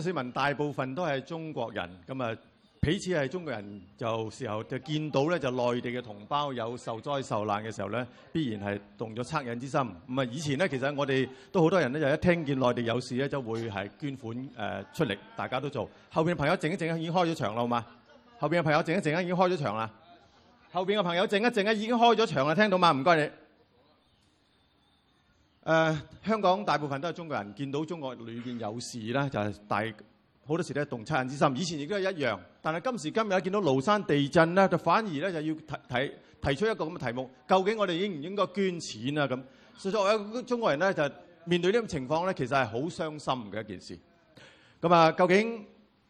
市民大部分都係中國人，咁啊彼此係中國人，就時候就見到咧，就內地嘅同胞有受災受難嘅時候咧，必然係動咗惻隱之心。咁啊，以前咧，其實我哋都好多人咧，就一聽見內地有事咧，就會係捐款誒出力，大家都做。後邊嘅朋友靜一靜啊，已經開咗場啦，好嘛？後邊嘅朋友靜一靜啊，已經開咗場啦。後邊嘅朋友靜一靜啊，已經開咗場啦，聽到嘛？唔該你。誒，香港大部分都係中國人，見到中國裏邊有事咧，就係大好多時都係咧動惻隱之心。以前亦都係一樣，但係今時今日見到蘆山地震咧，就反而咧就要提提提出一個咁嘅題目：究竟我哋應唔應該捐錢啊？咁，所以我有中國人咧，就面對呢種情況咧，其實係好傷心嘅一件事。咁啊，究竟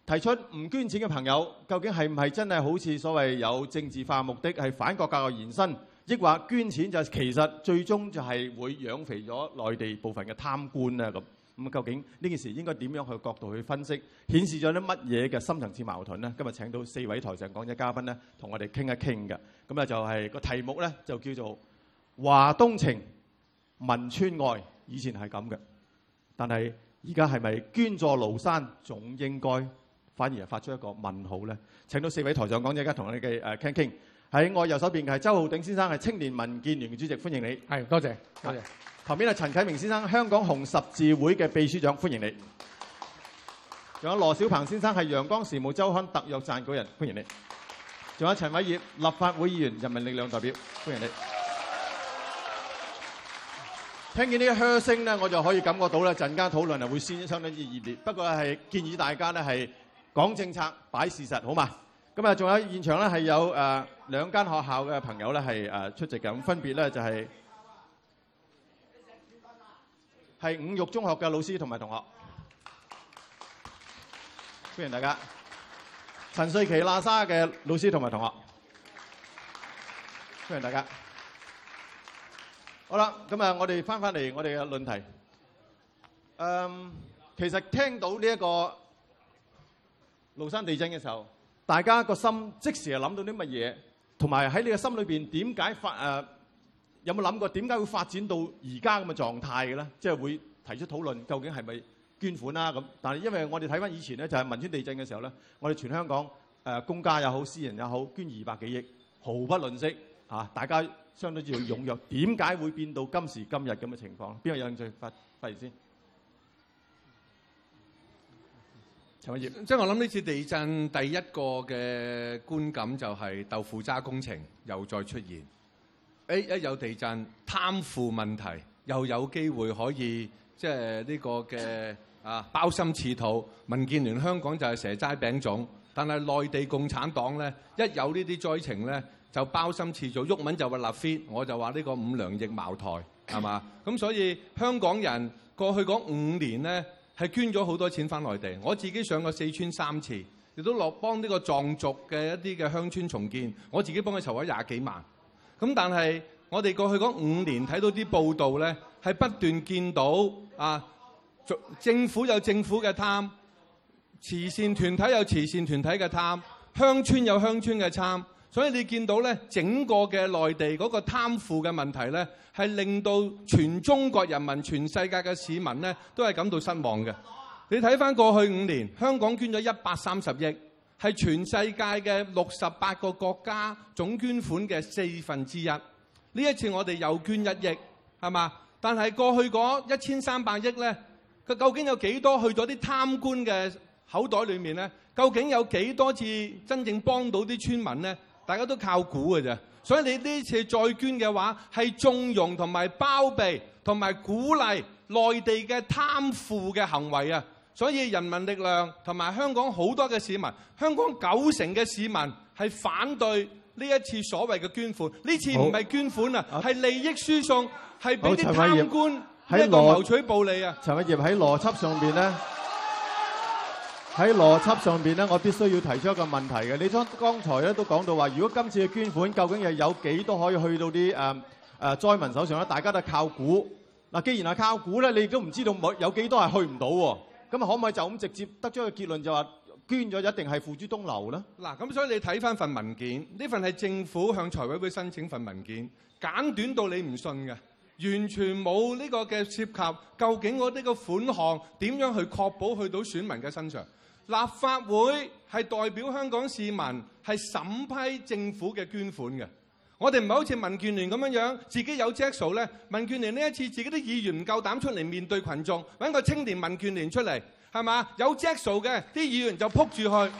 提出唔捐錢嘅朋友，究竟係唔係真係好似所謂有政治化目的，係反國家嘅延伸？即話捐錢就其實最終就係會養肥咗內地部分嘅貪官咧，咁咁，究竟呢件事應該點樣去角度去分析，顯示咗啲乜嘢嘅深層次矛盾咧？今日請到四位台上講者嘉賓咧，同我哋傾一傾嘅。咁咧就係個題目咧就叫做華東情、汶川愛，以前係咁嘅，但係而家係咪捐助蘆山總應該反而係發出一個問號咧？請到四位台上講者，而家同我哋嘅誒傾傾。喺我右手邊係周浩鼎先生，係青年民建聯主席，歡迎你。係，多謝。多謝。旁邊係陳啟明先生，香港紅十字會嘅秘書長，歡迎你。仲有羅小朋先生，係陽光時務週刊特約撰稿人，歡迎你。仲有陳偉業立法會議員、人民力量代表，歡迎你。聽見呢靴聲呢，我就可以感覺到呢陣間討論會先相當之熱烈。不過係建議大家呢係講政策、擺事實，好嘛？咁啊，仲有現場咧係有誒兩間學校嘅朋友咧係誒出席嘅，咁分別咧就係係五育中學嘅老師同埋同學，歡迎大家；陳瑞祺喇沙嘅老師同埋同學，歡迎大家。好啦，咁啊，我哋翻返嚟我哋嘅論題。誒，其實聽到呢一個蘆山地震嘅時候，大家個心即時係諗到啲乜嘢，同埋喺你嘅心裏面點解發誒、啊？有冇諗過點解會發展到而家咁嘅狀態嘅咧？即係會提出討論，究竟係咪捐款啦、啊、咁？但係因為我哋睇翻以前咧，就係汶川地震嘅時候咧，我哋全香港公家又好，私人又好，捐二百幾億，毫不吝惜、啊、大家相當之踴躍。點解會變到今時今日咁嘅情況？邊個有興趣發發言先？即係我諗呢次地震第一個嘅觀感就係豆腐渣工程又再出現，誒，一有地震貪腐問題又有機會可以即係呢個嘅啊，鮑參翅肚。民建聯香港就係蛇齋餅糭，但係內地共產黨咧一有呢啲災情咧就鮑參翅肚，鬱文就話立 fit，我就話呢個五糧液茅台係嘛，咁 所以香港人過去嗰五年咧。係捐咗好多錢返內地，我自己上過四川三次，亦都落幫呢個藏族嘅一啲嘅鄉村重建，我自己幫佢籌咗廿幾萬。咁但係我哋過去嗰五年睇到啲報道呢，係不斷見到啊，政府有政府嘅貪，慈善團體有慈善團體嘅貪，鄉村有鄉村嘅貪。所以你見到咧，整個嘅內地嗰個貪腐嘅問題咧，係令到全中國人民、全世界嘅市民咧，都係感到失望嘅。你睇返過去五年，香港捐咗一百三十億，係全世界嘅六十八個國家總捐款嘅四分之一。呢一次我哋又捐一億，係嘛？但係過去嗰一千三百億咧，佢究竟有幾多去咗啲貪官嘅口袋裏面咧？究竟有幾多次真正幫到啲村民咧？大家都靠估嘅啫，所以你呢次再捐嘅話，係縱容同埋包庇同埋鼓勵內地嘅貪腐嘅行為啊！所以人民力量同埋香港好多嘅市民，香港九成嘅市民係反對呢一次所謂嘅捐款。呢次唔係捐款啊，係好利益輸送，係俾啲貪官一個謀取暴利啊！陳偉業喺邏輯上面咧？喺邏輯上面咧，我必須要提出一個問題嘅。你剛剛才咧都講到話，如果今次嘅捐款究竟係有幾多可以去到啲誒誒災民手上咧？大家都係靠估。嗱，既然係靠估咧，你都唔知道有幾多係去唔到喎。咁可唔可以就咁直接得出一個結論，就話捐咗一定係付諸東流咧？嗱，咁所以你睇翻份文件，呢份係政府向財委會申請份文件，簡短到你唔信嘅，完全冇呢個嘅涉及。究竟我呢個款項點樣去確保去到選民嘅身上？立法會係代表香港市民，係審批政府嘅捐款嘅。我哋唔係好似民建聯咁樣樣，自己有質素咧。民建聯呢一次，自己啲議員唔夠膽出嚟面對群眾，搵個青年民建聯出嚟，係嘛？有質素嘅啲議員就撲住去。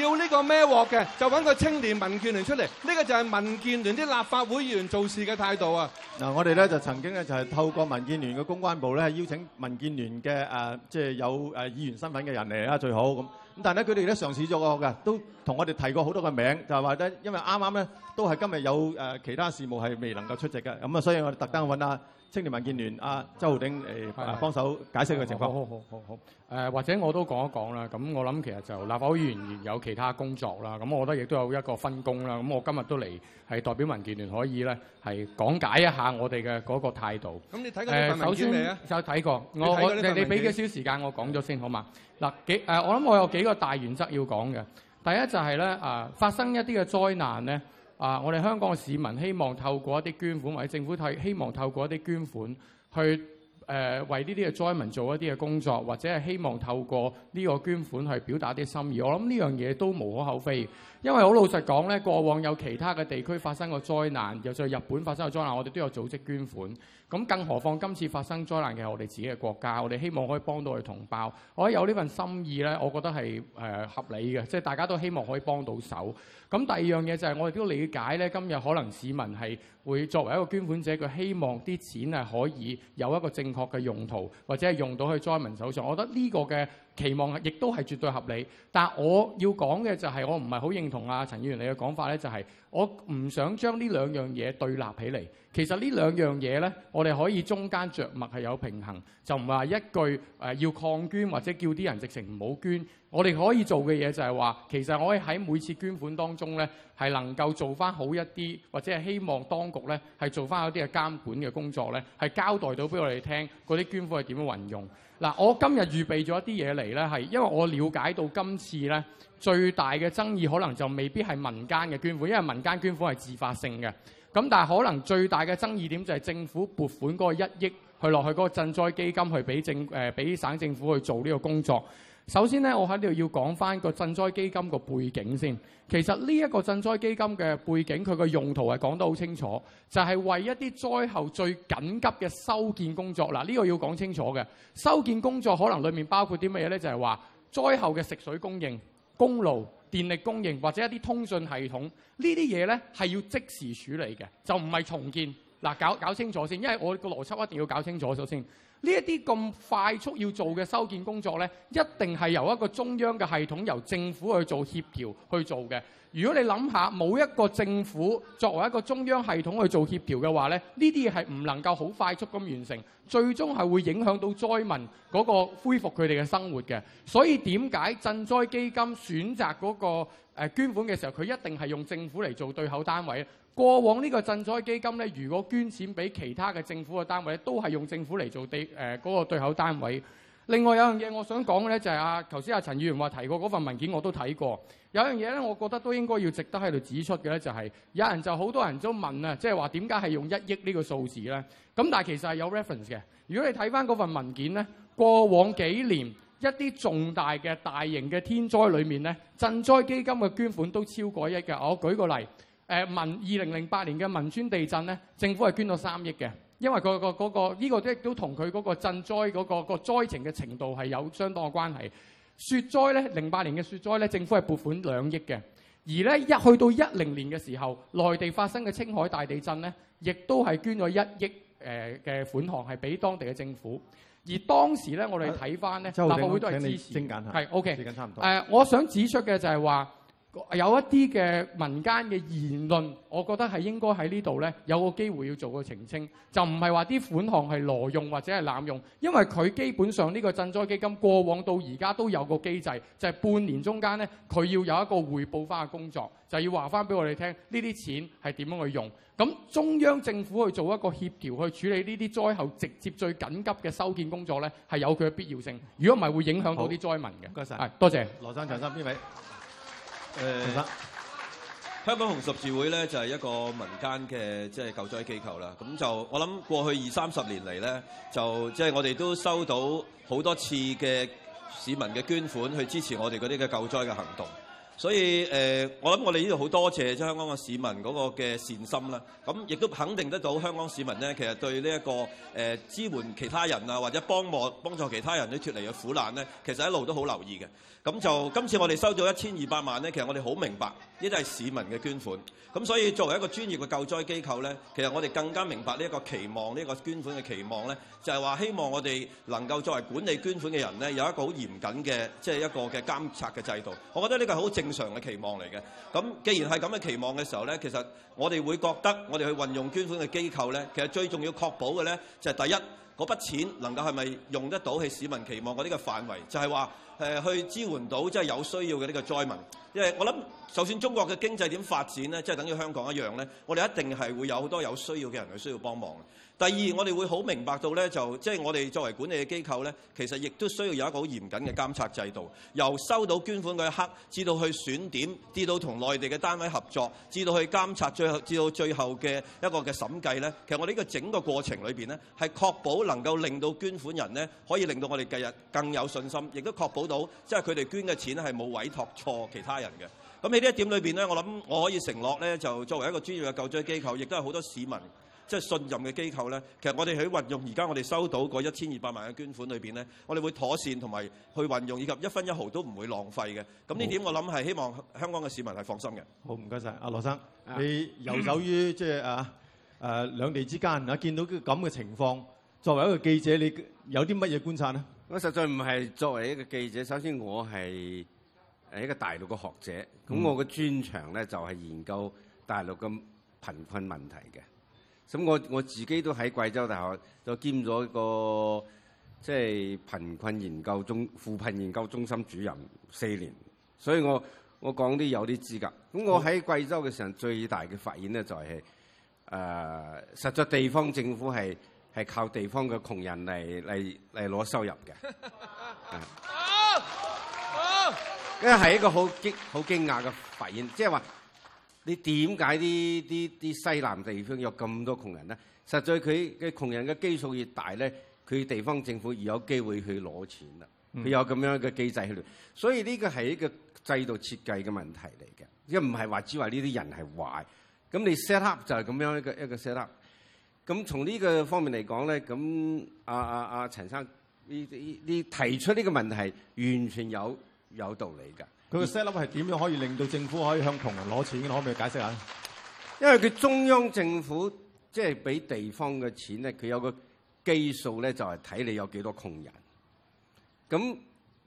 要呢個孭鑊嘅，就揾個青年民建聯出嚟。呢、這個就係民建聯啲立法會議員做事嘅態度啊！嗱、啊，我哋咧就曾經咧就係透過民建聯嘅公關部咧邀請民建聯嘅誒，即、呃、係、就是、有誒議員身份嘅人嚟啦，最好咁。咁但係咧佢哋都嘗試咗嘅，都同我哋提過好多個名，就話咧因為啱啱咧都係今日有誒、呃、其他事務係未能夠出席嘅，咁啊，所以我哋特登揾下。青年民建聯阿周浩鼎誒、啊、幫手解釋個情況。好好好好好，好、呃。或者我都講一講啦。咁我諗其實就立法會議員有其他工作啦。咁我覺得亦都有一個分工啦。咁我今日都嚟係代表民建聯可以咧係講解一下我哋嘅嗰個態度。咁你睇嗰啲文件嚟啊、呃？首先有睇過。我你過你我誒你俾少少時間我講咗先，先好嘛？嗱幾誒、呃、我諗我有幾個大原則要講嘅。第一就係咧啊發生一啲嘅災難咧。啊！我哋香港嘅市民希望透過一啲捐款，或者政府希望透過一啲捐款去誒、呃、為呢啲嘅災民做一啲嘅工作，或者係希望透過呢個捐款去表達一啲心意。我諗呢樣嘢都無可厚非，因為好老實講呢，過往有其他嘅地區發生過災難，尤其日本發生過災難，我哋都有組織捐款。咁更何況今次發生災難嘅係我哋自己嘅國家，我哋希望可以幫到佢同胞，我有呢份心意呢，我覺得係誒合理嘅，即係大家都希望可以幫到手。咁第二樣嘢就係我哋都理解呢，今日可能市民係會作為一個捐款者，佢希望啲錢係可以有一個正確嘅用途，或者係用到去災民手上。我覺得呢個嘅期望係，亦都係絕對合理。但係我要講嘅就係，我唔係好認同啊陳議員你嘅講法咧，就係我唔想將呢兩樣嘢對立起嚟。其實呢兩樣嘢咧，我哋可以中間著墨係有平衡，就唔係話一句誒要抗捐或者叫啲人直情唔好捐。我哋可以做嘅嘢就係話，其實我可以喺每次捐款當中咧，係能夠做翻好一啲，或者係希望當局咧係做翻一啲嘅監管嘅工作咧，係交代到俾我哋聽嗰啲捐款係點樣運用。嗱，我今日預備咗一啲嘢嚟呢，係因為我了解到今次呢最大嘅爭議可能就未必係民間嘅捐款，因為民間捐款係自發性嘅。咁但係可能最大嘅爭議點就係政府撥款嗰個一億去落去嗰個賑災基金，去俾政誒俾省政府去做呢個工作。首先咧，我喺呢度要講翻個賑災基金個背景先。其實呢一個賑災基金嘅背景，佢個用途係講得好清楚，就係為一啲災後最緊急嘅修建工作。嗱，呢個要講清楚嘅修建工作，可能裏面包括啲乜嘢呢？就係話災後嘅食水供應、公路、電力供應或者一啲通訊系統呢啲嘢呢，係要即時處理嘅，就唔係重建。嗱，搞搞清楚先，因為我個邏輯一定要搞清楚首先。呢一啲咁快速要做嘅修建工作呢，一定係由一個中央嘅系統，由政府去做協調去做嘅。如果你諗下冇一個政府作為一個中央系統去做協調嘅話，呢呢啲嘢係唔能夠好快速咁完成，最終係會影響到災民嗰個恢復佢哋嘅生活嘅。所以點解賑災基金選擇嗰個誒捐款嘅時候，佢一定係用政府嚟做對口單位？過往呢個賑災基金咧，如果捐錢俾其他嘅政府嘅單位，都係用政府嚟做地、呃那個、對誒嗰個對口單位。另外有樣嘢我想講咧、啊，就係阿頭先阿陳議員話提過嗰份文件，我都睇過。有樣嘢咧，我覺得都應該要值得喺度指出嘅咧、就是，就係有人就好多人都問啊，即係話點解係用一億呢個數字咧？咁但係其實係有 reference 嘅。如果你睇返嗰份文件咧，過往幾年一啲重大嘅大型嘅天災裡面咧，賑災基金嘅捐款都超過一億嘅。我舉個例。誒汶二零零八年嘅汶川地震咧，政府係捐咗三億嘅，因為、嗰個、嗰個呢、呢個都都同佢嗰個震災嗰、嗰個災、嗰個、情嘅程度係有相當嘅關係。雪災咧，零八年嘅雪災咧，政府係撥款兩億嘅。而咧一去到一零年嘅時候，內地發生嘅青海大地震咧，亦都係捐咗一億誒嘅款項係俾當地嘅政府。而當時咧，我哋睇翻咧，呃、立法會都係支持，係、呃、OK。時間差唔多誒、呃，我想指出嘅就係話。有一啲嘅民間嘅言論，我覺得係應該喺呢度呢有個機會要做個澄清，就唔係話啲款項係挪用或者係濫用，因為佢基本上呢個賑災基金過往到而家都有個機制，就係、是、半年中間呢，佢要有一個彙報翻嘅工作，就要話翻俾我哋聽呢啲錢係點樣去用。咁中央政府去做一個協調去處理呢啲災後直接最緊急嘅修建工作呢，係有佢嘅必要性。如果唔係，會影響到啲災民嘅。多謝。羅生長生，生邊位？誒、呃，香港紅十字會咧就係、是、一個民間嘅即係救災機構啦。咁就我諗過去二三十年嚟咧，就即係、就是、我哋都收到好多次嘅市民嘅捐款，去支持我哋啲嘅救災嘅行動。所以誒、呃、我諗我哋呢度好多謝即香港嘅市民嗰個嘅善心啦。咁亦都肯定得到香港市民咧，其實對呢、這、一個誒、呃、支援其他人啊，或者幫我幫助其他人啲脫離嘅苦難咧，其實一路都好留意嘅。咁就今次我哋收咗一千二百萬咧，其實我哋好明白呢都係市民嘅捐款。咁所以作為一個專業嘅救災機構咧，其實我哋更加明白呢一個期望，呢、這個捐款嘅期望咧，就係、是、話希望我哋能夠作為管理捐款嘅人咧，有一個好嚴謹嘅即係一個嘅監察嘅制度。我覺得呢個好正。正常嘅期望嚟嘅，咁既然係咁嘅期望嘅時候咧，其實我哋會覺得我哋去運用捐款嘅機構咧，其實最重要確保嘅咧就係第一嗰筆錢能夠係咪用得到喺市民期望嗰啲嘅範圍，就係話。誒去支援到即係有需要嘅呢個災民，因為我諗就算中國嘅經濟點發展咧，即係等於香港一樣咧，我哋一定係會有好多有需要嘅人去需要幫忙。第二，我哋會好明白到咧，就即係、就是、我哋作為管理嘅機構咧，其實亦都需要有一個好嚴謹嘅監察制度，由收到捐款嘅一刻，至到去選點，至到同內地嘅單位合作，至到去監察，最後至到最後嘅一個嘅審計咧。其實我哋呢個整個過程裏邊咧，係確保能夠令到捐款人咧，可以令到我哋近日更有信心，亦都確保。到即係佢哋捐嘅錢係冇委託錯其他人嘅。咁喺呢一點裏邊咧，我諗我可以承諾咧，就作為一個專業嘅救災機構，亦都係好多市民即係信任嘅機構咧。其實我哋喺運用而家我哋收到嗰一千二百萬嘅捐款裏邊咧，我哋會妥善同埋去運用，以及一分一毫都唔會浪費嘅。咁呢點我諗係希望香港嘅市民係放心嘅。好，唔該晒阿羅生，你遊走於即係啊誒兩地之間啊，見到咁嘅情況，作為一個記者，你有啲乜嘢觀察呢？我實在唔係作為一個記者，首先我係誒一個大陸嘅學者，咁我嘅專長咧就係、是、研究大陸嘅貧困問題嘅。咁我我自己都喺貴州大學就，就兼咗個即係貧困研究中、扶貧研究中心主任四年，所以我我講啲有啲資格。咁我喺貴州嘅時候，最大嘅發現咧就係、是、誒、呃，實在地方政府係。係靠地方嘅窮人嚟嚟嚟攞收入嘅。好，呢係一個好驚好驚訝嘅發現，即係話你點解啲啲啲西南地方有咁多窮人咧？實在佢嘅窮人嘅基礎越大咧，佢地方政府而有機會去攞錢啦。佢有咁樣嘅個機制去，所以呢個係一個制度設計嘅問題嚟嘅。因為唔係話只話呢啲人係壞，咁你 set up 就係咁樣一個一個 set up。咁從呢個方面嚟講咧，咁阿阿阿陳生呢呢提出呢個問題完全有有道理㗎。佢個 set up 係點樣可以令到政府可以向窮人攞錢？可唔可以解釋下？因為佢中央政府即係俾地方嘅錢咧，佢有個基數咧，就係睇你有幾多窮人。咁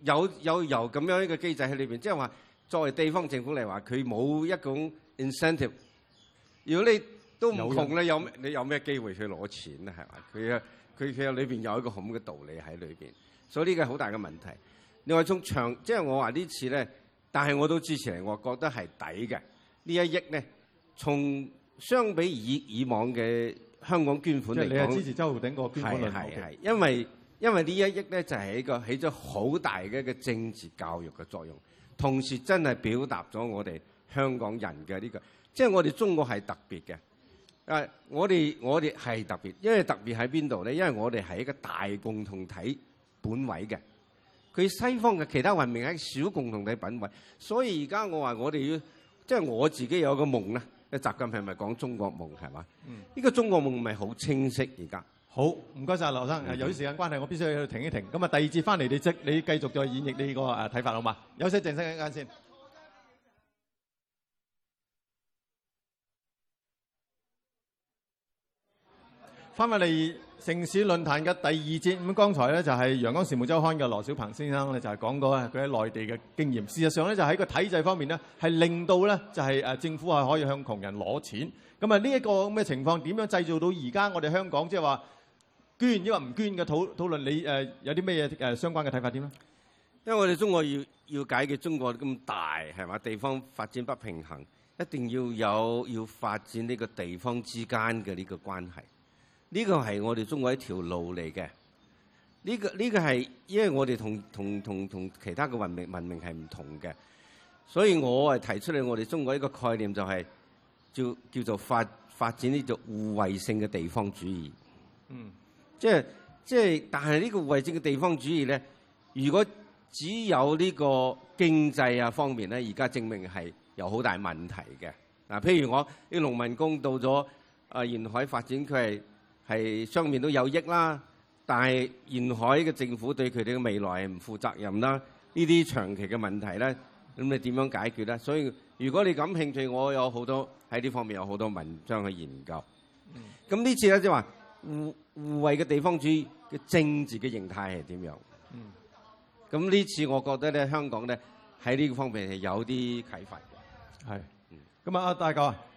有，有有由咁樣一個機制喺裏邊，即係話作為地方政府嚟話，佢冇一種 incentive。如果你都唔同，咧，有你有咩機會去攞錢咧？係嘛？佢啊，佢佢啊，裏邊有一個好嘅道理喺裏邊，所以呢個好大嘅問題。你話從長即係、就是、我話呢次咧，但係我都支持你，我覺得係抵嘅呢一億咧。從相比以以往嘅香港捐款嚟講，你係支持周浩鼎個捐款，係係係，因為因為呢一億咧就係、是、一個起咗好大嘅一個政治教育嘅作用，同時真係表達咗我哋香港人嘅呢、這個，即、就、係、是、我哋中國係特別嘅。誒、啊，我哋我哋係特別，因為特別喺邊度咧？因為我哋係一個大共同體本位嘅，佢西方嘅其他文明係小共同體本位，所以而家我話我哋要，即、就、係、是、我自己有一個夢啦。誒，習近平咪講中國夢係嘛？嗯，呢個中國夢咪好清晰而家。好，唔該晒劉生。嗯、有由於時間關係，我必須要停一停。咁啊，第二節翻嚟你即你繼續再演繹你個誒睇法，好嗎？休息一陣先。翻返嚟城市論壇嘅第二節，咁剛才咧就係《陽光時務》週刊嘅羅小朋先生咧就係講過咧，佢喺內地嘅經驗。事實上咧就喺個體制方面咧，係令到咧就係誒政府係可以向窮人攞錢。咁啊呢一個咁嘅情況，點樣製造到而家我哋香港即係話捐抑或因為唔捐嘅討討論，你誒有啲咩嘢誒相關嘅睇法點咧？因為我哋中國要要解決中國咁大係嘛地方發展不平衡，一定要有要發展呢個地方之間嘅呢個關係。呢個係我哋中國一條路嚟嘅。呢、這個呢、這個係因為我哋同同同同其他嘅文明文明係唔同嘅，所以我係提出嚟我哋中國一個概念、就是，就係叫叫做發發展呢種互惠性嘅地方主義。嗯，即係即係，但係呢個互惠性嘅地方主義咧，如果只有呢個經濟啊方面咧，而家證明係有好大問題嘅。嗱、啊，譬如我啲農、這個、民工到咗啊、呃、沿海發展，佢係係雙面都有益啦，但係沿海嘅政府對佢哋嘅未來係唔負責任啦。呢啲長期嘅問題咧，咁你點樣解決咧？所以如果你感興趣，我有好多喺呢方面有好多文章去研究。咁、嗯、呢次咧即係話，護護衞嘅地方主義嘅政治嘅形態係點樣？咁呢、嗯、次我覺得咧，香港咧喺呢個方面係有啲啟發。係是。咁啊、嗯，阿大哥。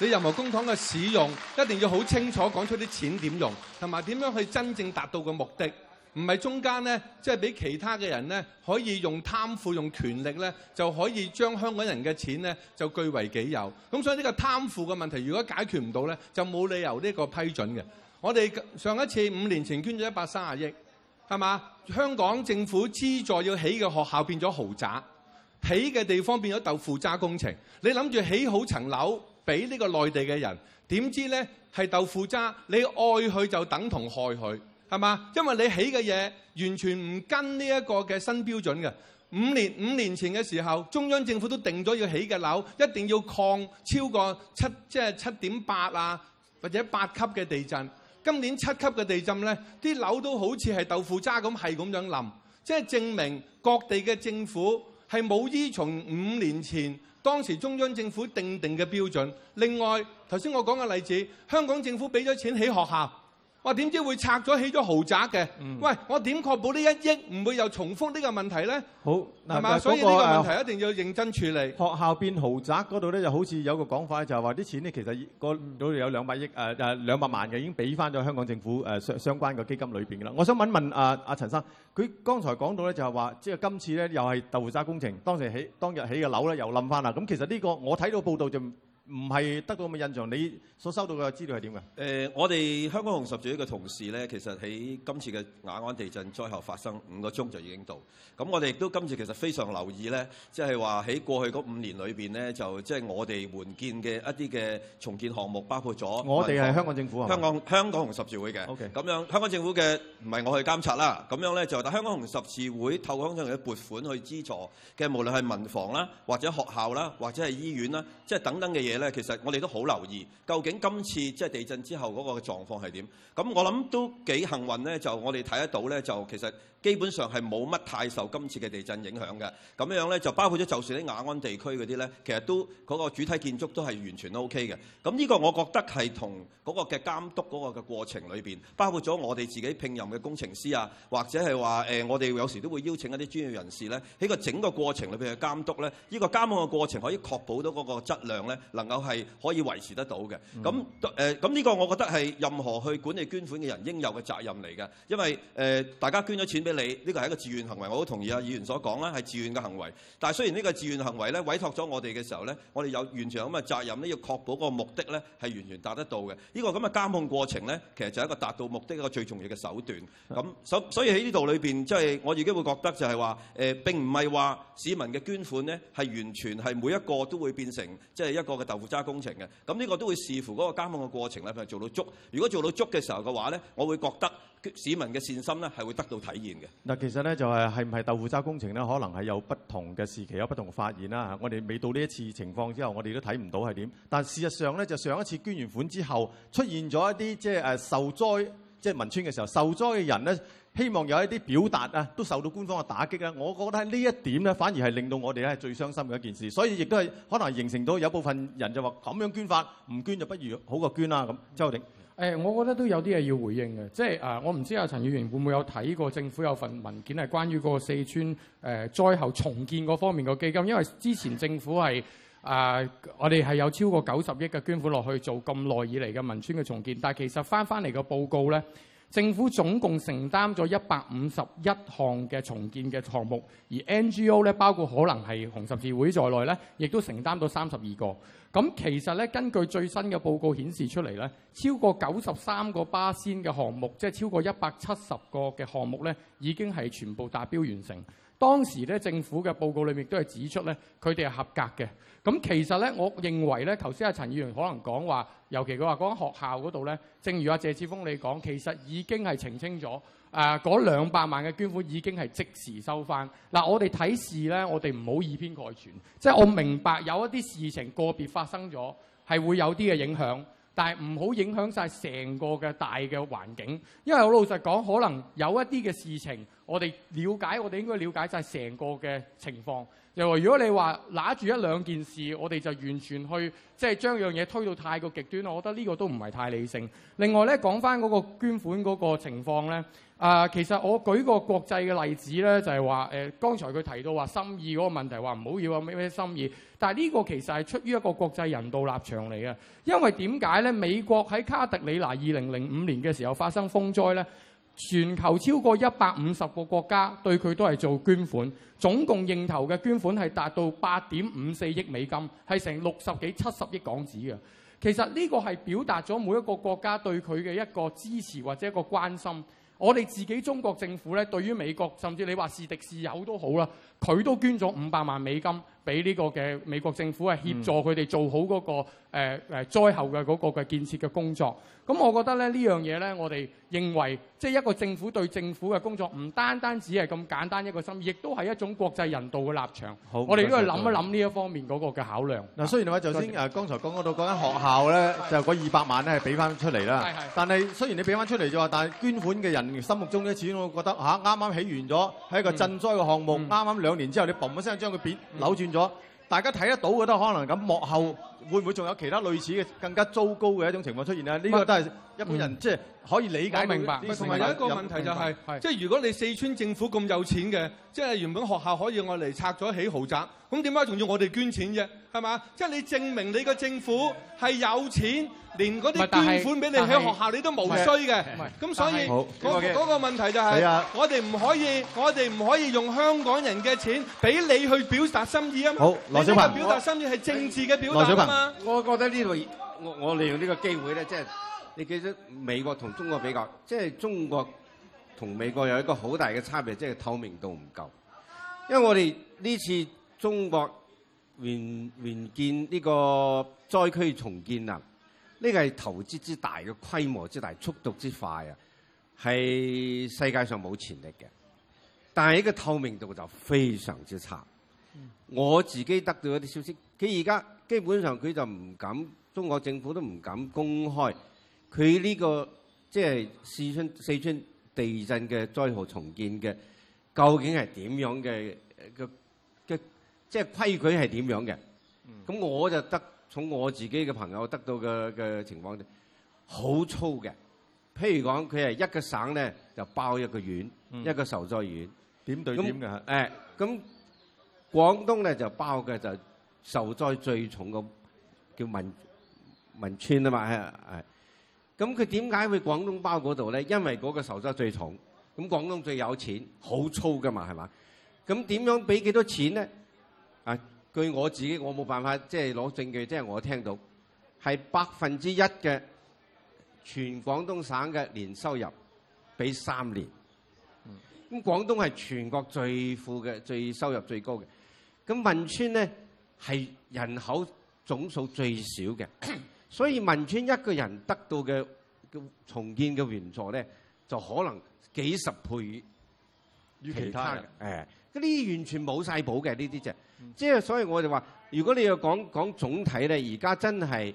你任何公帑嘅使用一定要好清楚，講出啲錢點用，同埋點樣去真正達到個目的，唔係中間呢，即係俾其他嘅人呢可以用貪腐用權力呢就可以將香港人嘅錢呢就據為己有。咁所以呢個貪腐嘅問題如果解決唔到呢，就冇理由呢個批准嘅。我哋上一次五年前捐咗一百三十億，係嘛？香港政府資助要起嘅學校變咗豪宅，起嘅地方變咗豆腐渣工程。你諗住起好層樓。俾呢個內地嘅人點知呢？係豆腐渣，你愛佢就等同害佢，係嘛？因為你起嘅嘢完全唔跟呢一個嘅新標準嘅。五年五年前嘅時候，中央政府都定咗要起嘅樓一定要抗超過七，即係七點八啊，或者八級嘅地震。今年七級嘅地震呢，啲樓都好似係豆腐渣咁，係咁樣冧，即係證明各地嘅政府係冇依從五年前。當時中央政府定定嘅標準。另外，頭先我講嘅例子，香港政府畀咗錢起學校。我點知會拆咗起咗豪宅嘅？喂，我點確保呢一億唔會又重複呢個問題咧？係嘛？所以呢個問題一定要認真處理，嗰個。學校變豪宅嗰度咧，好像就好似有個講法，就係話啲錢咧，其實嗰度有兩百億誒誒兩百萬嘅已經俾翻咗香港政府誒相、呃、相關嘅基金裏邊㗎啦。我想問問啊啊、呃、陳生，佢剛才講到咧就係話，即、就、係、是、今次咧又係豆腐渣工程，當時起當日起嘅樓咧又冧翻啦。咁其實呢個我睇到嘅報道就。唔係得到咁嘅印象，你所收到嘅資料係點嘅？誒、呃，我哋香港紅十字會嘅同事咧，其實喺今次嘅雅安地震災後發生五個鐘就已經到。咁我哋亦都今次其實非常留意咧，即係話喺過去五年裏邊咧，就即係、就是、我哋援建嘅一啲嘅重建項目，包括咗。我哋係香港政府，啊，香港吧香港紅十字會嘅。OK 咁樣香港政府嘅唔係我去監察啦。咁樣咧就但香港紅十字會透過香港人嘅撥款去資助嘅，無論係民房啦，或者學校啦，或者係醫院啦，即係等等嘅嘢。咧，其實我哋都好留意，究竟今次即係地震之後嗰個狀況係點？咁我諗都幾幸運咧，就我哋睇得到咧，就其實。基本上係冇乜太受今次嘅地震影響嘅，咁樣咧就包括咗，就算喺雅安地區嗰啲咧，其實都嗰、嗰個主體建築都係完全都 OK 嘅。咁呢個我覺得係同嗰個嘅監督嗰個嘅過程裏邊，包括咗我哋自己聘任嘅工程師啊，或者係話誒我哋有時候都會邀請一啲專業人士咧，喺個整個過程裏邊嘅監督咧，呢、呢個監控嘅過程可以確保到嗰個質量咧能夠係可以維持得到嘅。咁誒咁呢個我覺得係任何去管理捐款嘅人應有嘅責任嚟嘅，因為誒、呃、大家捐咗錢。你呢個係一個自願行為，我好同意啊！議員所講啦，係自願嘅行為。但係雖然呢個自願行為咧，委託咗我哋嘅時候咧，我哋有完全咁嘅責任咧，要確保嗰個目的咧係完全達得到嘅。呢、這個咁嘅監控過程咧，其實就係一個達到目的一個最重要嘅手段。咁所、嗯、所以喺呢度裏邊，即係我自己會覺得就係話誒，並唔係話市民嘅捐款咧係完全係每一個都會變成即係一個嘅豆腐渣工程嘅。咁呢個都會視乎嗰個監控嘅過程啦，佢係做到足。如果做到足嘅時候嘅話咧，我會覺得。市民嘅善心咧，係會得到體現嘅。嗱，其實咧就係係唔係豆腐渣工程咧，可能係有不同嘅時期有不同嘅發現啦。我哋未到呢一次情況之後，我哋都睇唔到係點。但事實上咧，就上一次捐完款之後，出現咗一啲即係誒受災，即係汶川嘅時候，受災嘅人咧，希望有一啲表達啊，都受到官方嘅打擊啊。我覺得喺呢一點咧，反而係令到我哋咧係最傷心嘅一件事。所以亦都係可能形成到有部分人就話咁樣捐法，唔捐就不如好過捐啦咁。周浩鼎。誒、哎，我覺得都有啲嘢要回應嘅，即係、呃、啊，我唔知阿陳議員會唔會有睇過政府有份文件係關於個四川誒災、呃、後重建嗰方面嘅基金，因為之前政府係啊、呃，我哋係有超過九十億嘅捐款落去做咁耐以嚟嘅汶川嘅重建，但係其實翻翻嚟個報告咧，政府總共承擔咗一百五十一項嘅重建嘅項目，而 NGO 咧包括可能係紅十字會在內咧，亦都承擔到三十二個。咁其實咧，根據最新嘅報告顯示出嚟咧，超過九十三個巴仙嘅項目，即係超過一百七十個嘅項目咧，已經係全部達標完成。當時咧，政府嘅報告裏面都係指出咧，佢哋係合格嘅。咁其實咧，我認為咧，頭先阿陳議員可能講話，尤其佢話講學校嗰度咧，正如阿、啊、謝志峰你講，其實已經係澄清咗。誒嗰兩百萬嘅捐款已經係即時收翻。嗱、啊，我哋睇事呢，我哋唔好以偏概全。即係我明白有一啲事情個別發生咗係會有啲嘅影響，但係唔好影響晒成個嘅大嘅環境。因為我老實講，可能有一啲嘅事情，我哋了解，我哋應該了解晒成個嘅情況。又話如果你話揦住一兩件事，我哋就完全去即係將樣嘢推到太過極端，我覺得呢個都唔係太理性。另外咧，講翻嗰個捐款嗰個情況咧、呃，其實我舉個國際嘅例子咧，就係話誒，剛、呃、才佢提到話心意嗰個問題，話唔好要啊，咩咩心意。但係呢個其實係出於一個國際人道立場嚟嘅，因為點解咧？美國喺卡特里娜二零零五年嘅時候發生風災咧。全球超過一百五十個國家對佢都係做捐款，總共認投嘅捐款係達到八點五四億美金，係成六十幾七十億港紙嘅。其實呢個係表達咗每一個國家對佢嘅一個支持或者一個關心。我哋自己中國政府咧，對於美國，甚至你話是敵是友都好啦，佢都捐咗五百萬美金。俾呢個嘅美國政府係協助佢哋做好嗰、嗰個誒誒災後嘅嗰個嘅建設嘅工作。咁我覺得咧呢樣嘢咧，我哋認為即係一個政府對政府嘅工作，唔單單只係咁簡單一個心，亦都係一種國際人道嘅立場。好謝謝，我哋都要諗一諗呢一方面嗰個嘅考量。嗱、嗯，雖然嘅話，首先誒剛才講嗰度嗰間學校咧，是就嗰二百萬咧係俾翻出嚟啦。是是但係雖然你俾翻出嚟啫喎，但係捐款嘅人心目中咧，始終會覺得嚇啱啱起完咗，喺個賑災嘅項目，啱啱兩年之後，你砰一聲將佢扭轉咗。大家睇得到嘅都可能咁，幕後會唔會仲有其他類似嘅更加糟糕嘅一種情況出現呢？呢麼個都係一般人、嗯、即係可以理解明白。同埋有一個問題就係、是，即係如果你四川政府咁有錢嘅，即係是是原本學校可以我嚟拆咗起豪宅，咁點解仲要我哋捐錢啫？係嘛？即、就、係、是、你證明你個政府係有錢，連嗰啲是捐款俾是你喺學校，你都冇需嘅是。咁所以嗰好、嗰個問題就係、係啊、我哋唔可以，我哋唔可以用香港人嘅錢俾你去表達心意啊！好，羅小朋，表達心意係政治嘅表達啊嘛，我。我覺得呢度，我我利用呢個機會咧，即係你記得美國同中國比較，即係中國同美國有一個好大嘅差別，即係透明度唔夠。因為我哋呢次中國援援建呢個災區重建啊。呢個係投資之大嘅規模之大、速度之快啊，係世界上冇潛力嘅。但係呢個透明度就非常之差。我自己得到一啲消息，佢而家基本上佢就唔敢，中國政府都唔敢公開佢呢、呢個即係、即係、四川四川地震嘅災後重建嘅究竟係點樣嘅嘅嘅，即係、即係、規矩係點樣嘅。咁我就得。從我自己嘅朋友得到嘅嘅情況，好粗嘅。譬如講，佢係一個省咧就包一個縣，嗯、一個受災縣。點對點嘅嚇？咁那、嗯嗯、廣東咧就包嘅就受災最重嘅叫汶汶川啊嘛，係係。咁佢點解會廣東包嗰度咧？因為嗰個受災最重，咁廣東最有錢，好粗嘅嘛係嘛？咁點樣俾幾多錢咧？啊！據我自己，我冇辦法即係攞證據，即係我聽到係百分之一嘅全廣東省嘅年收入，俾三年。咁廣東係全國最富嘅，最收入最高嘅。咁汶川咧係人口總數最少嘅，所以汶川一個人得到嘅重建嘅援助咧，就可能幾十倍其他於其他嘅。呢啲，哎，完全冇晒補嘅呢啲就。即係、嗯、所以，我哋話，如果你要講講總體咧，而家真係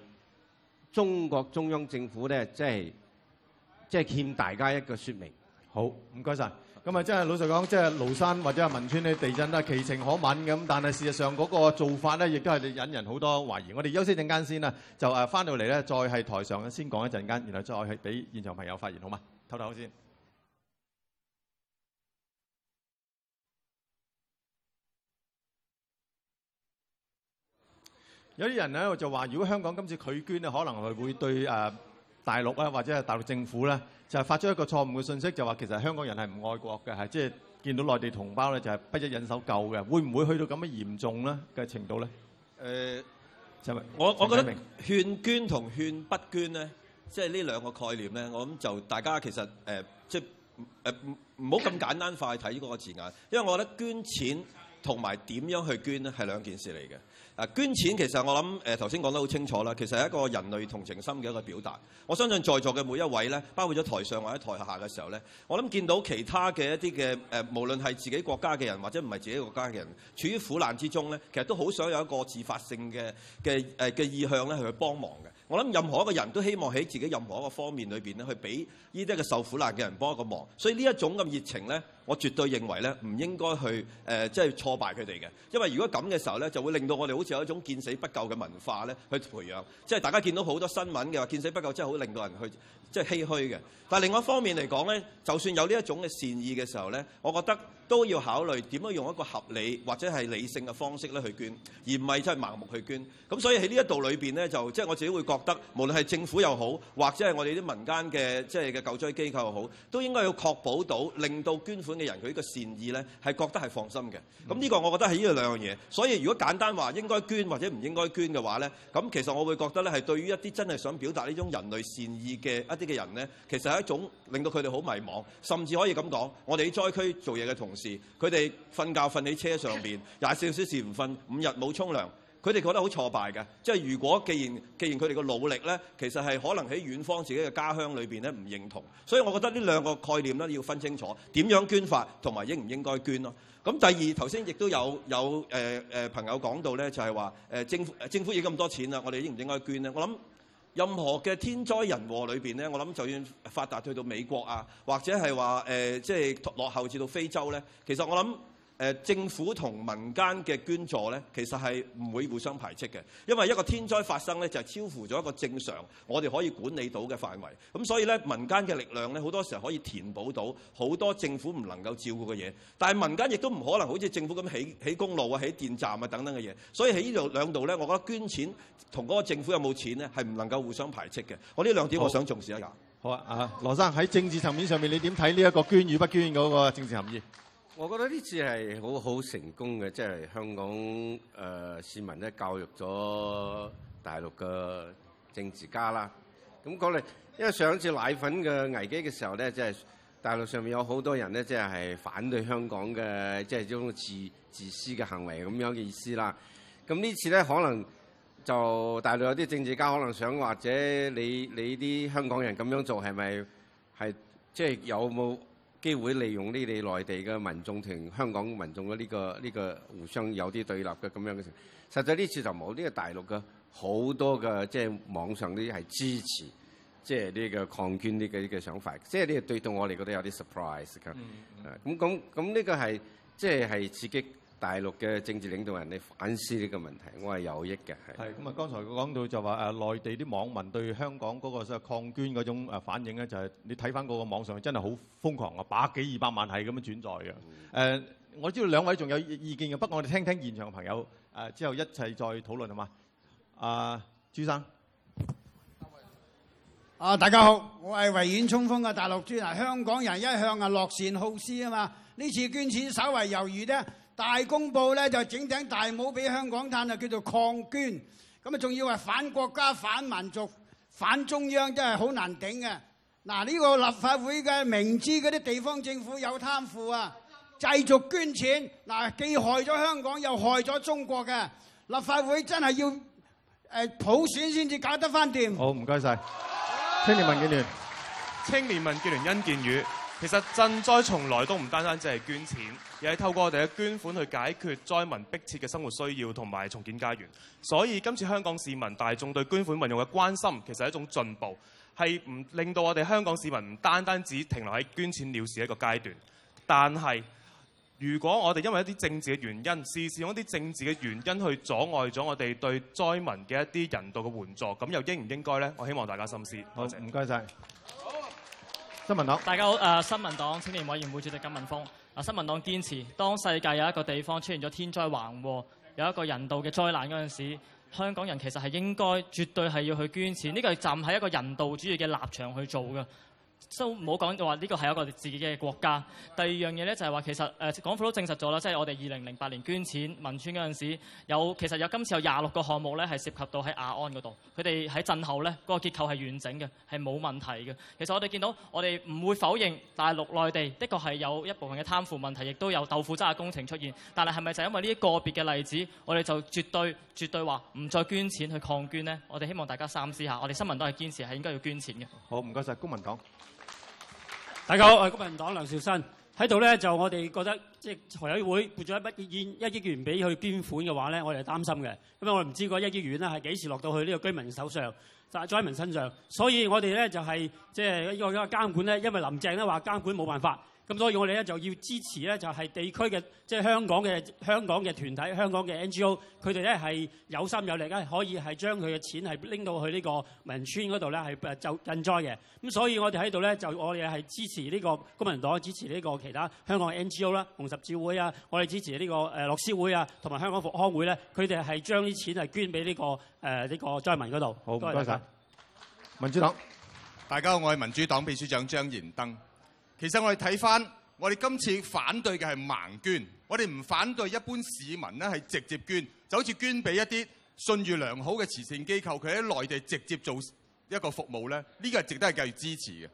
中國中央政府咧，即係即係欠大家一個説明。好，唔該晒。咁啊，即係老實講，即係蘆山或者係汶川嘅地震咧，其情可憫咁，但係事實上嗰個做法咧，亦都係你引人好多懷疑。我哋休息陣間先啊，就誒翻到嚟咧，再係台上先講一陣間，然後再係俾現場朋友發言好嗎？唞唞先。有啲人咧，就話：如果香港今次拒捐咧，可能係會對誒大陸咧，或者係大陸政府咧，就係發出一個錯誤嘅信息，就話其實香港人係唔愛國嘅，係即係見到內地同胞咧，就係不一引手救嘅。會唔會去到咁嘅嚴重咧嘅程度咧？誒、呃，我我覺得勸捐同勸不捐咧，即係呢兩個概念咧，我諗就大家其實誒，即係誒唔好咁簡單化去睇嗰個字眼，因為我覺得捐錢，同埋點樣去捐呢？係兩件事嚟嘅。啊，捐錢其實我諗誒頭先講得好清楚啦，其實係一個人類同情心嘅一個表達。我相信在座嘅每一位呢，包括咗台上或者台下嘅時候呢，我諗見到其他嘅一啲嘅誒，無論係自己國家嘅人或者唔係自己國家嘅人，處於苦難之中呢，其實都好想有一個自發性嘅嘅誒嘅意向咧，去幫忙嘅。我諗任何一個人都希望喺自己任何一個方面裏面咧，去俾呢啲受苦難嘅人幫一個忙，所以呢一種咁熱情咧，我絕對認為咧，唔應該去即係、呃即係、挫敗佢哋嘅。因為如果咁嘅時候咧，就會令到我哋好似有一種見死不救嘅文化咧，去培養。即係大家見到好多新聞嘅話，見死不救真係好令到人去。即係唏噓嘅，但係另外一方面嚟講呢，就算有呢一種嘅善意嘅時候呢，我覺得都要考慮點樣用一個合理或者係理性嘅方式咧去捐，而唔係真係盲目去捐。咁所以喺呢一度裏邊呢，就即係、就是、我自己會覺得，無論係政府又好，或者係我哋啲民間嘅即係嘅救災機構又好，都應該要確保到令到捐款嘅人佢呢個善意呢係覺得係放心嘅。咁呢個我覺得係呢兩樣嘢。所以如果簡單話應該捐或者唔應該捐嘅話呢，咁其實我會覺得呢係對於一啲真係想表達呢種人類善意嘅一。呢個人呢，其實係一種令到佢哋好迷茫，甚至可以咁講。我哋喺災區做嘢嘅同事，佢哋瞓覺瞓喺車上邊，廿四小時唔瞓，五日冇沖涼，佢哋覺得好挫敗嘅。即係如果既然既然佢哋嘅努力呢，其實係可能喺遠方自己嘅家鄉裏邊呢唔認同，所以我覺得呢兩個概念呢要分清楚，點樣捐法同埋應唔應該捐咯。咁第二頭先亦都有有誒誒、呃呃、朋友講到呢，就係話誒政政府要咁多錢啊，我哋應唔應該捐呢？我諗。任何嘅天災人禍裏面，呢我諗就算發達去到美國啊，或者係話誒，即係落後至到非洲呢，其實我諗。呃、政府同民間嘅捐助呢，其實係唔會互相排斥嘅，因為一個天災發生呢，就係、是、超乎咗一個正常我哋可以管理到嘅範圍。咁所以呢，民間嘅力量呢，好多時候可以填補到好多政府唔能夠照顧嘅嘢。但係民間亦都唔可能好似政府咁起起公路啊、起電站啊等等嘅嘢。所以喺呢度兩度呢，我覺得捐錢同嗰個政府有冇錢呢，係唔能夠互相排斥嘅。我呢兩點我想重視一下。好，好啊，啊羅生喺政治層面上面，你點睇呢一個捐與不捐嗰個政治含義？我覺得呢次係好好成功嘅，即係香港誒、呃、市民咧教育咗大陸嘅政治家啦。咁講嚟，因為上一次奶粉嘅危機嘅時候咧，即、就、係、是、大陸上面有好多人咧，即係係反對香港嘅，即係種自自私嘅行為咁樣嘅意思啦。咁呢次咧，可能就大陸有啲政治家可能想，或者你你啲香港人咁樣做係咪係即係有冇？機會利用呢哋內地嘅民眾同香港民眾嘅呢個呢個互相有啲對立嘅咁樣嘅事，實際呢次就冇呢個大陸嘅好多嘅即係網上啲係支持，即係呢個抗捐呢個呢個想法，即係呢個對到我哋覺得有啲 surprise 噶。咁咁咁呢個係即係係刺激。大陸嘅政治領導人，你反思呢個問題，我係有益嘅。係咁啊！剛才講到就話誒，內地啲網民對香港嗰個即係抗捐嗰種反應咧、就是，就係你睇翻嗰個網上真係好瘋狂啊，百幾二百萬係咁樣轉載嘅。誒、嗯呃，我知道兩位仲有意見嘅，不過我哋聽聽現場嘅朋友誒、呃、之後一齊再討論係嘛？阿、呃、朱生，啊大家好，我係維園衝鋒嘅大陸朱啊。香港人一向啊樂善好施啊嘛，呢次捐錢稍為猶豫咧。大公報咧就整頂大帽俾香港，但係叫做抗捐，咁啊仲要係反國家、反民族、反中央，真係好難頂嘅。嗱呢個立法會嘅明知嗰啲地方政府有貪腐啊，繼續捐錢，嗱既害咗香港又害咗中國嘅立法會真係要誒普選先至搞得返掂。好，唔該晒青年民建聯，青年民建聯殷建宇。其實賑災從來都唔單單只係捐錢，而係透過我哋嘅捐款去解決災民迫切嘅生活需要同埋重建家園。所以今次香港市民大眾對捐款運用嘅關心，其實係一種進步，係唔令到我哋香港市民唔單單只停留喺捐錢了事的一個階段。但係如果我哋因為一啲政治嘅原因，事事用一啲政治嘅原因去阻礙咗我哋對災民嘅一啲人道嘅援助，咁又應唔應該呢？我希望大家深思。好，唔該晒。謝謝。新民黨，大家好。啊，新民黨青年委員會主席金文峰。啊，新民黨堅持，當世界有一個地方出現咗天災橫禍，有一個人道嘅災難嗰陣時，香港人其實係應該，絕對係要去捐錢。呢個係站喺一個人道主義嘅立場去做嘅。都唔好講話呢個係一個自己嘅國家。第二樣嘢呢，就係話，其實誒，港府都證實咗啦，即係我哋二零零八年捐錢汶川嗰陣時，有其實有今次有廿六個項目呢係涉及到喺雅安嗰度。佢哋喺震後呢個結構係完整嘅，係冇問題嘅。其實我哋見到我哋唔會否認大陸內地的確係有一部分嘅貪腐問題，亦都有豆腐渣嘅工程出現。但係係咪就因為呢啲個別嘅例子，我哋就絕對絕對話唔再捐錢去抗捐呢？我哋希望大家三思下。我哋新聞都係堅持係應該要捐錢嘅。好，唔該晒公民黨。大家好，我係公民黨梁兆新。喺度呢就我哋覺得即財委會撥咗一筆一億元俾佢捐款嘅話呢，我哋係擔心嘅。因為我唔知道一億元是係幾時落到去呢個居民手上、災災民身上，所以我哋呢，就係、是、即個要監管呢，因為林鄭說話監管冇辦法。咁所以我哋咧就要支持咧，就係地區嘅，即係香港嘅團體，香港嘅 NGO，佢哋咧係有心有力，咧可以係將佢嘅錢係拎到去呢個民村嗰度咧，係就賑災嘅。咁所以我哋喺度呢，就我哋係支持呢個公民黨，支持呢個其他香港 NGO 啦，紅十字會啊，我哋支持呢個誒樂施會啊，同埋香港復康會呢，佢哋係將啲錢係捐俾呢、這個誒呢、呃這個災民嗰度。好，多謝曬。民主黨，大家好，我係民主黨秘書長張延登。其實我哋睇翻，我哋今次反對嘅係盲捐，我哋唔反對一般市民呢係直接捐，就好似捐俾一啲信譽良好嘅慈善機構，佢喺內地直接做一個服務咧，呢、呢個係值得係繼續支持嘅。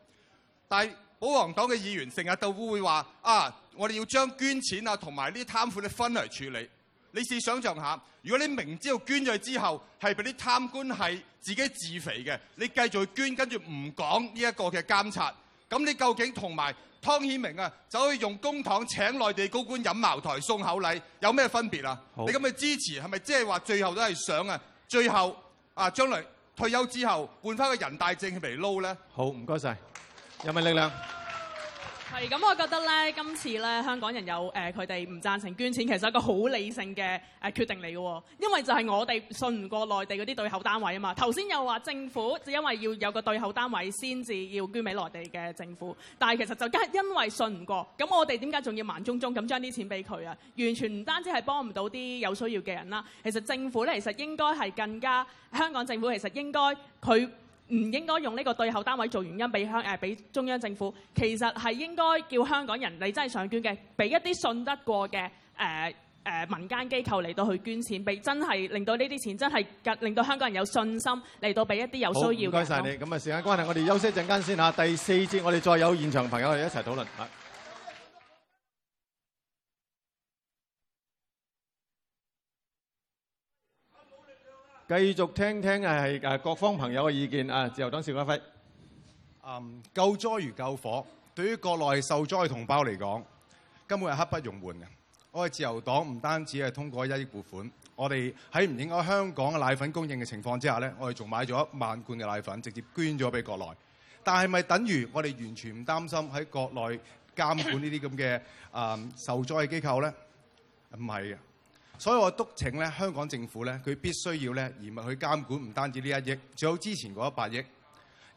但係保皇黨嘅議員成日都會話啊，我哋要將捐錢啊同埋呢啲貪腐咧分嚟處理。你試想像下，如果你明知道捐咗之後係俾啲貪官係自己自肥嘅，你繼續捐，跟住唔講呢一個嘅監察。咁你究竟同埋湯顯明啊，就可以用公帑請內地高官飲茅台送口禮，有咩分別啊？好你咁嘅支持係咪即係話最後都係想啊？最後啊，將來退休之後換翻個人大證嚟撈咧？好，唔該晒，人民力量。係咁，我覺得咧，今次咧，香港人有佢哋唔贊成捐錢，其實係一個好理性嘅誒、呃、決定嚟嘅、哦，因為就係我哋信唔過內地嗰啲對口單位啊嘛。頭先又話政府就因為要有個對口單位先至要捐俾內地嘅政府，但係其實就因因為信唔過，咁我哋點解仲要盲中中咁將啲錢俾佢啊？完全唔單止係幫唔到啲有需要嘅人啦，其實政府咧，其實應該係更加香港政府，其實應該佢。唔應該用呢個對口單位做原因俾香誒俾中央政府，其實係應該叫香港人你真係想捐嘅，俾一啲信得過嘅誒誒民間機構嚟到去捐錢，俾真係令到呢啲錢真係令到香港人有信心嚟到俾一啲有需要嘅。好，唔該晒你。咁啊時間關係，我哋休息陣間先嚇。第四節我哋再有現場朋友哋一齊討論。繼續聽聽各方朋友嘅意見。自由黨邵家輝，um, 救災如救火，對於國內受災同胞嚟講，根本係刻不容緩的。我哋自由黨唔單止係通過一億撥款，我哋喺唔影響香港奶粉供應嘅情況之下咧，我哋仲買咗一萬罐嘅奶粉，直接捐咗俾國內。但係咪等於我哋完全唔擔心喺國內監管呢啲咁嘅誒受災機構咧？唔係嘅。所以我督請咧，香港政府咧，佢必須要咧嚴密去監管，唔單止呢一億，仲有之前嗰一百億，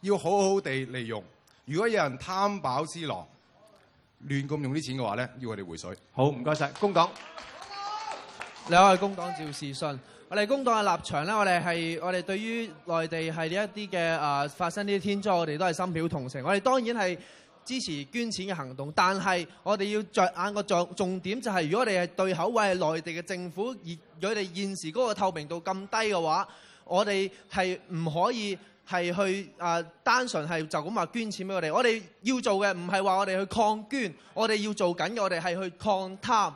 要好好地利用。如果有人貪飽私囊亂咁用啲錢嘅話咧，要我哋回水。好，唔該晒，工黨。你好係工黨，工黨趙士信。我哋工黨嘅立場咧，我哋係我哋對於內地係呢一啲嘅啊發生呢啲天災，我哋都係深表同情。我哋當然係。支持捐錢嘅行動，但係我哋要着眼個重重點就係、是。如果我哋係對口位係內地嘅政府，而佢哋現時嗰個透明度咁低嘅話，我哋係唔可以係去啊、呃，單純係就咁話捐錢俾我哋。我哋要做嘅唔係話我哋去抗捐，我哋要做緊嘅我哋係去抗貪。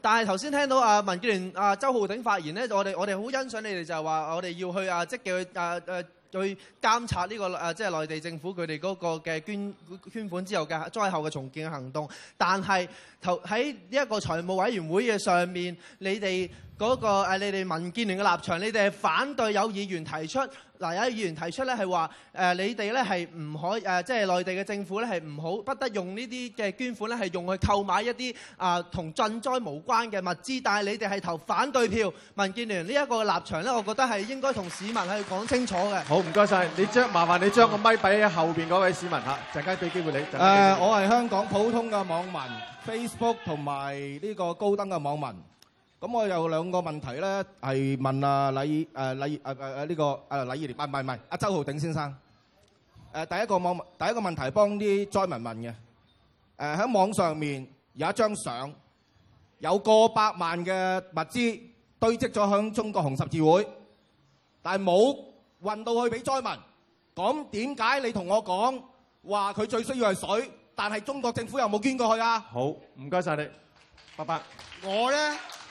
但係頭先聽到啊民建聯啊周浩鼎發言咧，我哋我哋好欣賞你哋就係話，我哋要去啊積極去啊誒。去監察呢個誒，即係內地政府佢哋嗰個嘅捐捐款之後嘅災後嘅重建嘅行動。但係頭喺呢一個財務委員會嘅上面，你哋。嗰個你哋民建聯嘅立場，你哋係反對有議員提出，嗱有議員提出咧係話誒，你哋咧係唔可誒，即係內地嘅政府咧係唔好不得用呢啲嘅捐款咧係用去購買一啲啊同賑災無關嘅物資，但係你哋係投反對票，民建聯呢一個立場咧，我覺得係應該同市民係講清楚嘅。好，唔該晒，你將麻煩你將個咪俾後面嗰位市民嚇，陣間俾機會你機會。誒、呃，我係香港普通嘅網民，Facebook 同埋呢個高登嘅網民。咁我有兩個問題咧，係問阿李誒李誒誒誒呢個阿李義廉，唔唔唔，阿周浩鼎先生誒。第一個網第一個問題，幫啲災民問嘅誒。喺網上面有一張相，有過百萬嘅物資堆積咗響中國紅十字會，但係冇運到去俾災民。咁點解你同我講話佢最需要係水，但係中國政府又冇捐過去啊？好，唔該晒你，拜拜。我咧。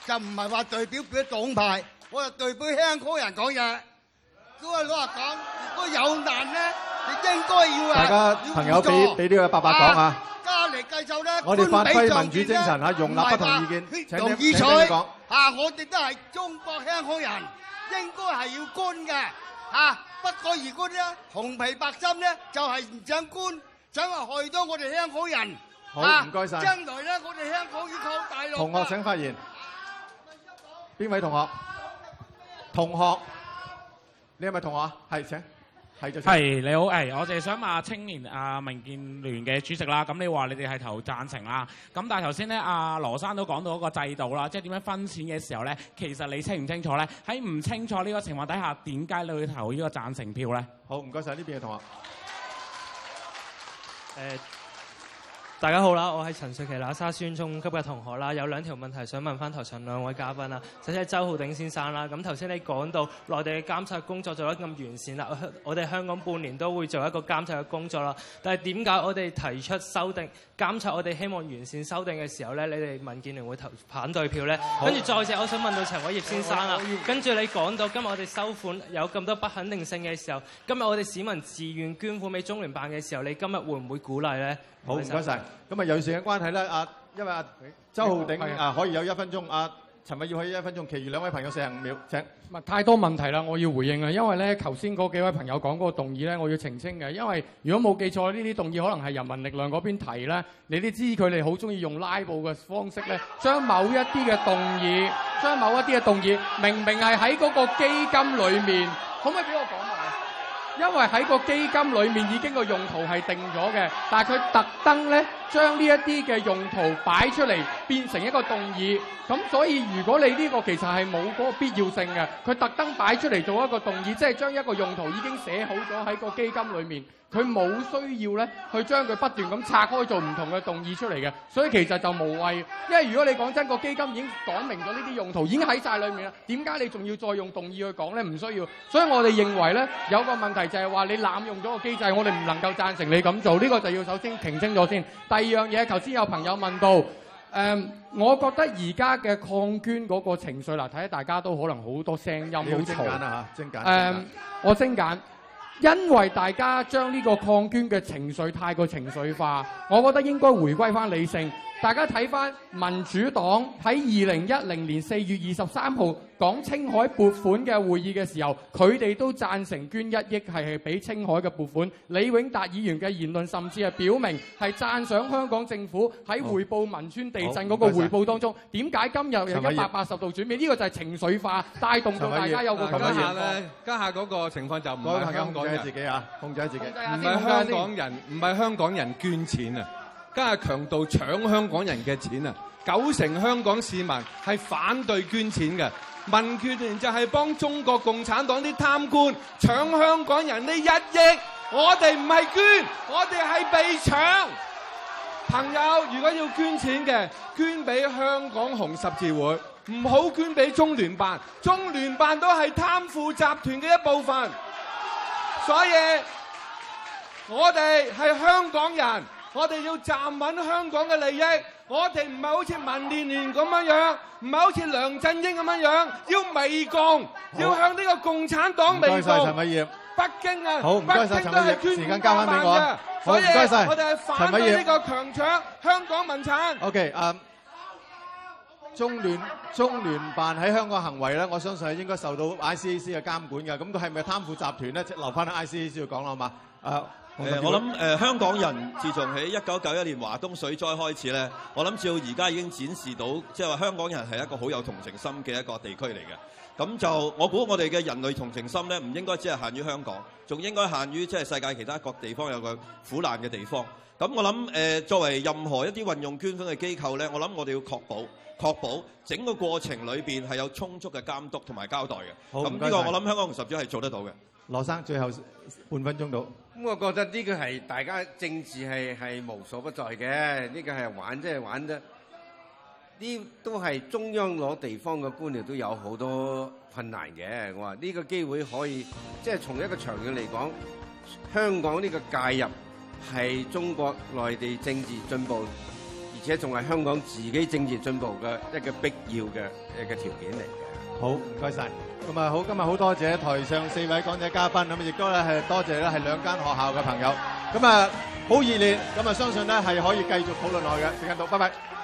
就唔係話代表邊一黨派，我就代表香港人講嘢。咁啊，老實講，如果有難咧，你應該要啊，要尊重。大家朋友俾俾呢個伯伯講下。我哋發揮民主精神嚇，容納不同意見。請請聽你講。啊，我哋都係中國香港人，應該係要官嘅。啊，不過如果咧紅皮白心咧就係唔想官，想害到我哋香港人。好，唔該曬。將來咧，我哋香港要靠大陸。同學請發言。邊位同學？同學，你係咪同學？係，請。係你好，誒，我就係想問下青年啊民建聯嘅主席啦。咁你話你哋係投贊成啦。咁但係頭先咧，阿羅生都講到一個制度啦，即係點樣分錢嘅時候咧，其實你清唔清楚咧？喺唔清楚呢個情況底下，點解你會投呢個贊成票咧？好，唔該晒呢邊嘅同學。誒、欸。大家好啦，我係陳瑞琪，喇沙宣中級嘅同學啦。有兩條問題想問翻台上兩位嘉賓啊。首先係周浩鼎先生啦，咁頭先你講到內地嘅監察工作做得咁完善啦，我哋香港半年都會做一個監察嘅工作啦。但係點解我哋提出修訂監察？我哋希望完善修訂嘅時候咧，你哋民建聯會投反對票咧？好跟住再者，我想問到陳偉業先生啦，跟住你講到今日我哋收款有咁多不肯定性嘅時候，今日我哋市民自願捐款俾中聯辦嘅時候，你今日會唔會鼓勵咧？好，唔該晒。謝謝。咁啊，有時間關係係咧，啊，因為阿、啊、周浩鼎啊，可以有一分鐘啊，陳偉業可以一分鐘，其餘兩位朋友四十五秒。請唔係太多問題啦，我要回應啦。因為咧，頭先嗰幾位朋友講嗰個動議咧，我要澄清嘅。因為如果冇記錯呢啲動議可能係人民力量嗰邊提咧，你都知佢哋好中意用拉布嘅方式咧，將某一啲嘅動議，將某一啲嘅動議明明係喺嗰個基金裏面， 可唔可以俾我講？因為喺個基金裏面已經個用途係定咗嘅。但係佢特登咧將呢一啲嘅用途擺出嚟，變成一個動議。咁所以如果你呢個其實係冇嗰個必要性嘅。佢特登擺出嚟做一個動議，即係將一個用途已經寫好咗喺個基金裏面。佢冇需要咧，去將佢不斷咁拆開做唔同嘅動議出嚟嘅，所以其實就無謂。因為如果你講真，個基金已經講明咗呢啲用途，已經喺曬裏面啦。點解你仲要再用動議去講咧？唔需要。所以我哋認為咧，有個問題就係話你濫用咗個機制，我哋唔能夠贊成你咁做。呢個就要首先澄清咗先。第二樣嘢，頭先有朋友問到，誒、呃，我覺得而家嘅抗捐嗰個情緒，嗱，睇下大家都可能好多聲音好嘈。我精簡啦、啊、精簡。誒、呃，我精簡。因為大家將呢個抗捐嘅情緒太過情緒化，我覺得應該回歸翻理性。大家睇翻民主黨喺二零一零年四月二十三號講青海撥款嘅會議嘅時候，佢哋都贊成捐一億係係俾青海嘅撥款。李永達議員嘅言論甚至係表明係讚賞香港政府喺回報汶川地震嗰個回報當中，點解今日又一百八十度轉變？呢個就係情緒化帶動到大家有個家下咧。家下嗰個情況就唔係香港人自己啊，控制自己，唔係香港人，唔係香港人捐錢啊！家下強盜搶香港人嘅錢啊！九成香港市民係反對捐錢嘅，民建聯就係幫中國共產黨啲貪官搶香港人呢一億。我哋唔係捐，我哋係被搶。朋友，如果要捐錢嘅，捐畀香港紅十字會，唔好捐畀中聯辦。中聯辦都係貪腐集團嘅一部分。所以，我哋係香港人。我哋要站穩香港嘅利益，我哋唔係好似民建聯咁樣樣，唔係好似梁振英咁樣樣，要媚共，要向呢個共產黨媚共。唔該晒，陳偉業。北京啊，北京都係捐錢過萬噶，所以我哋係反對呢個強搶香港民產。OK，誒，中聯中聯辦喺香港行為咧，我相信佢應該受到 ICAC 嘅監管嘅，咁佢係咪貪腐集團咧？即係留翻喺 ICAC 度講啦，好嘛？誒。呃、我諗誒、呃，香港人自從喺一九九一年華東水災開始咧，我諗照而家已經展示到，即係話香港人係一個好有同情心嘅一個地區嚟嘅。咁就我估我哋嘅人類同情心咧，唔應該只係限於香港，仲應該限於即係世界其他各地方有個苦難嘅地方。咁我諗、呃、作為任何一啲運用捐款嘅機構咧，我諗我哋要確保確保整個過程裏面係有充足嘅監督同埋交代嘅。咁呢好、呢個謝謝，我諗香港紅十字係做得到嘅。羅生，最後半分鐘到。咁我覺得呢個係大家政治係係無所不在嘅。呢個係玩，即係玩得，呢都係中央攞地方嘅官僚都有好多困難嘅。我話呢個機會可以，即係從一個長遠嚟講，香港呢個介入係中國內地政治進步，而且仲係香港自己政治進步嘅一個必要嘅一個條件嚟。好唔該晒。咁啊好今日好多謝台上四位講者嘉賓，咁亦都咧係多謝咧係兩間學校嘅朋友，咁啊好熱烈，咁啊相信咧係可以繼續討論落去嘅，時間到，拜拜。